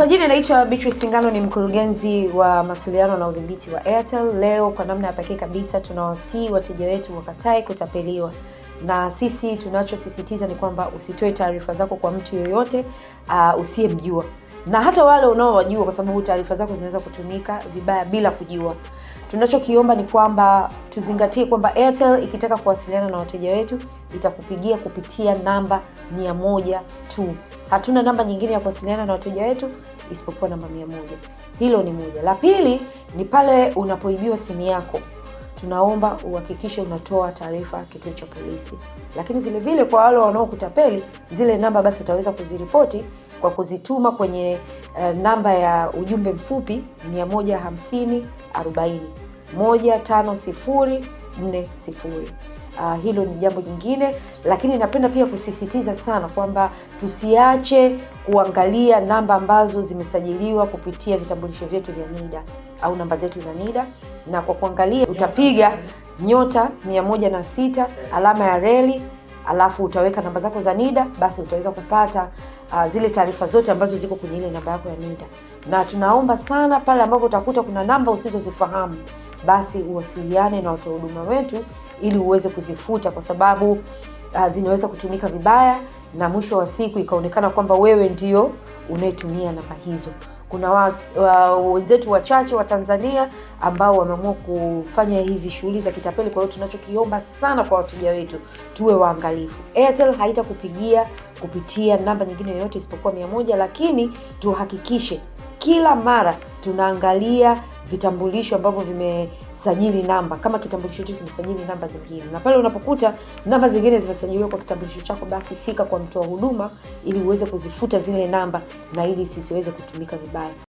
Kwa jina naitwa Beatrice Singano, ni mkurugenzi wa mawasiliano na udhibiti wa Airtel. Leo kwa namna ya pekee kabisa tunawasii wateja wetu wakatae kutapeliwa, na sisi tunachosisitiza ni kwamba usitoe taarifa zako kwa mtu yoyote uh, usiyemjua na hata wale unaowajua, kwa sababu taarifa zako zinaweza kutumika vibaya bila kujua. Tunachokiomba ni kwamba tuzingatie kwamba Airtel ikitaka kuwasiliana na wateja wetu itakupigia kupitia namba mia moja tu. Hatuna namba nyingine ya kuwasiliana na wateja wetu isipokuwa namba mia moja. Hilo ni moja. La pili ni pale unapoibiwa simu yako, tunaomba uhakikishe unatoa taarifa kituo cha polisi. Lakini vile vile kwa wale wanaokutapeli zile namba, basi utaweza kuziripoti kwa kuzituma kwenye uh, namba ya ujumbe mfupi 150 40 150 40. Uh, hilo ni jambo jingine, lakini napenda pia kusisitiza sana kwamba tusiache kuangalia namba ambazo zimesajiliwa kupitia vitambulisho vyetu vya NIDA au namba zetu za NIDA, na kwa kuangalia utapiga nyota mia moja na sita alama ya reli alafu utaweka namba zako za NIDA, basi utaweza kupata uh, zile taarifa zote ambazo ziko kwenye ile namba yako ya NIDA. Na tunaomba sana pale ambapo utakuta kuna namba usizozifahamu, basi uwasiliane na watoa huduma wetu ili uweze kuzifuta, kwa sababu uh, zinaweza kutumika vibaya na mwisho wa siku ikaonekana kwamba wewe ndio unayetumia namba hizo kuna wenzetu wa, wa, wachache wa Tanzania ambao wameamua kufanya hizi shughuli za kitapeli. Kwa hiyo tunachokiomba sana kwa wateja wetu tuwe waangalifu. Airtel haitakupigia kupitia namba nyingine yoyote isipokuwa mia moja, lakini tuhakikishe kila mara tunaangalia vitambulisho ambavyo vimesajili namba kama kitambulisho hicho kimesajili namba zingine, na pale unapokuta namba zingine zimesajiliwa kwa kitambulisho chako, basi fika kwa mtoa huduma ili uweze kuzifuta zile namba na ili zisiweze kutumika vibaya.